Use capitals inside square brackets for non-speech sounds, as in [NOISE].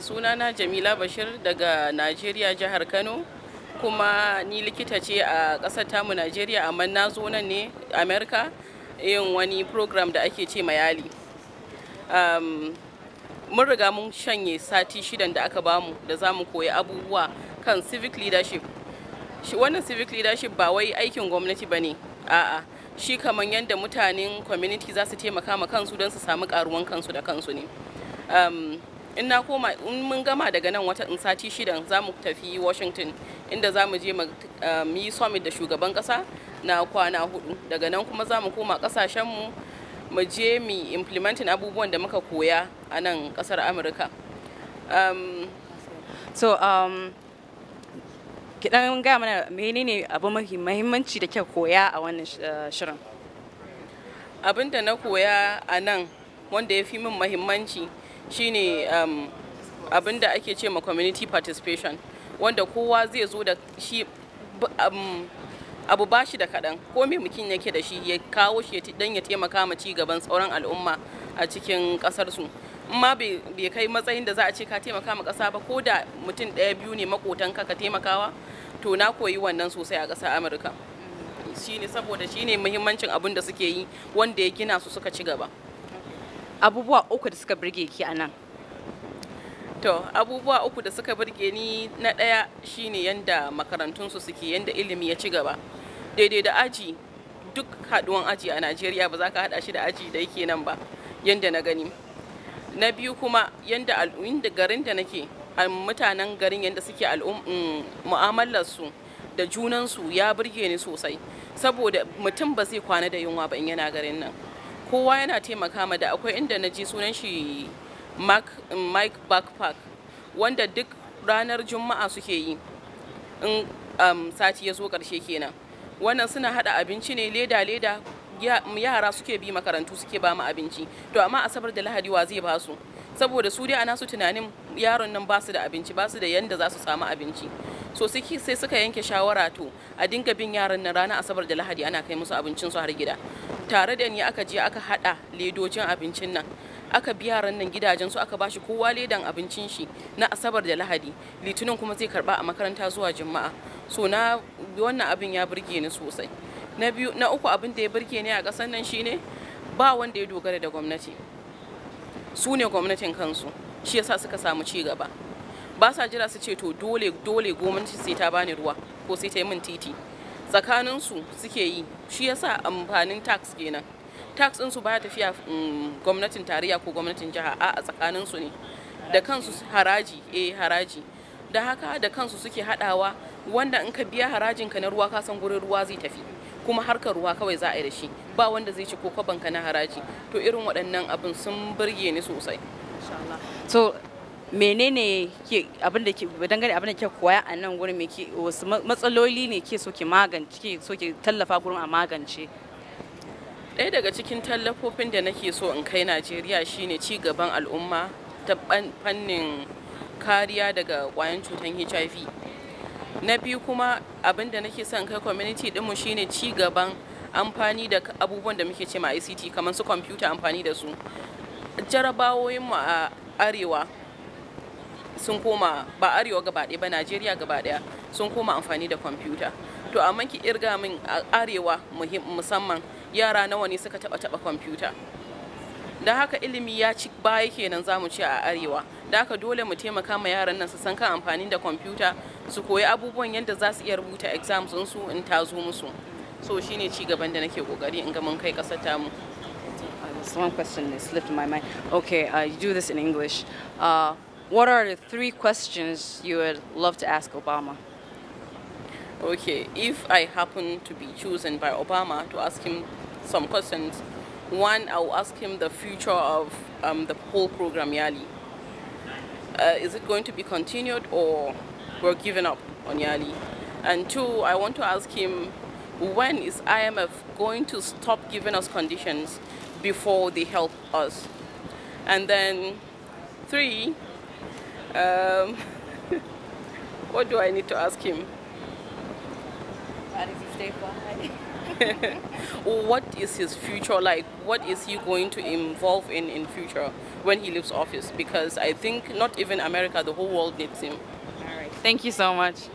sunana jamila bashir daga najeriya jihar kano kuma ni likita ce a ƙasar tamu najeriya amma na zo nan ne amerika yin wani program da ake ce mayali mun riga mun shanye sati shidan da aka bamu da za mu koyi abubuwa kan civic leadership wannan civic leadership ba wai aikin gwamnati ba ne a'a shi kamar yadda mutanen community za su taimaka ma kansu don su samu karuwan kansu da kansu ne um, in na koma in mun gama daga nan wata in sati shidan za mu tafi washington inda za mu je mu eh, yi summit da shugaban kasa na kwana hudu daga nan kuma za mu koma kasashen mu je mu implementin abubuwan da muka koya a nan kasar amurka um, so um, kidan gaya mana menene abu mafi mahimmanci da kyau koya a wannan eh, shirin abin na koya a nan wanda ya fi min mahimmanci shine um, abin da ake ce ma community participation wanda kowa zai zo da shi um, abu ba shi da kaɗan ko me mukin yake da shi ya kawo shi don ya taimaka ma ci gaban tsauran al'umma a cikin su ma bai kai matsayin da za a ce ka taimaka ma ƙasa ba ko da mutum ɗaya biyu ne makotanka ka taimakawa to na koyi wannan sosai a ƙasar amurka shine saboda shine muhimmancin abun da suke yi wanda ya gina su suka ci gaba abubuwa uku da suka birge ki a to abubuwa uku da suka birge ni na ɗaya shine yanda makarantunsu suke yanda ilimi ya ci gaba daidai da aji duk haɗuwan aji a najeriya ba za ka haɗa shi da aji da yake nan ba yanda na gani na biyu kuma yanda da garin da nake mutanen garin yanda suke mm, mu'amalarsu da junansu ya birge ni sosai saboda mutum ba zai kwana da yunwa ba in yana garin nan kowa yana taimaka ma da akwai inda na ji sunan shi mike backpack wanda duk ranar juma'a suke yi in um, sati ya zo karshe kenan wannan suna hada abinci ne leda-leda yara suke bi makarantu suke ba mu abinci to amma asabar da lahadi wa zai ba su saboda su dai ana su tunanin yaron nan ba su da abinci ba su da yanda za su samu abinci so sai suka yanke shawara to a dinga bin yaron nan rana asabar da lahadi ana kai musu abincin su har gida tare da ni aka je aka hada ledojin abincin nan aka biya yaran nan gidajen su aka bashi kowa ledan abincin shi na asabar da lahadi litinin kuma zai karba a makaranta zuwa juma'a so na wannan abin ya burge ni sosai na biyu na uku abin da ya burge ni a kasan nan shine ba wanda ya dogara da gwamnati su ne gwamnatin kansu shi yasa suka samu ci gaba ba sa jira su ce to dole dole gwamnati sai ta bani ruwa ko sai ta yi min titi tsakaninsu suke yi shi yasa amfanin tax kenan tax su baya tafiya mm, gwamnatin tarayya ko gwamnatin jiha a tsakaninsu ne da kansu haraji eh haraji da haka da kansu suke hadawa wanda in ka biya harajin ka na ruwa ka san gurin ruwa zai tafi kuma harkar ruwa kawai za a yi da shi ba wanda zai ci ko kwabanka na haraji to irin waɗannan abin sun burge ni sosai so menene ke abin da ke dangane abin da ke koya a nan gurin me ke wasu matsaloli ne ke so ke magance ke so ke tallafa gurin a magance ɗaya daga cikin tallafofin da nake so in kai najeriya shine ci gaban al'umma ta fannin kariya daga kwayan cutar hiv na biyu kuma abin da nake son kai community ɗinmu shine ci gaban amfani da abubuwan da muke ce ma ict kamar su kwamfuta amfani da su mu a arewa sun koma ba arewa gaba ɗaya ba najeriya gaba ɗaya sun koma amfani da kwamfuta to a ki irga min a arewa musamman yara nawa ne suka taba taba kwamfuta da haka ilimi ya ci baya kenan zamu ce a arewa da haka dole mu taimaka ma yaran nan su san kan amfani da kwamfuta su koyi abubuwan yadda za su iya rubuta exams su in ta zo musu so shine ci gaban da nake kokari in ga mun kai kasar mu One question that slipped my mind. Okay, uh, you do this in English. Uh, What are the three questions you would love to ask Obama? Okay, if I happen to be chosen by Obama to ask him some questions, one, I'll ask him the future of um, the whole program Yali. Uh, is it going to be continued or we're giving up on Yali? And two, I want to ask him when is IMF going to stop giving us conditions before they help us? And then three, um, [LAUGHS] what do I need to ask him? Why he stay what is his future like? What is he going to involve in in future when he leaves office? Because I think not even America, the whole world needs him. All right. Thank you so much.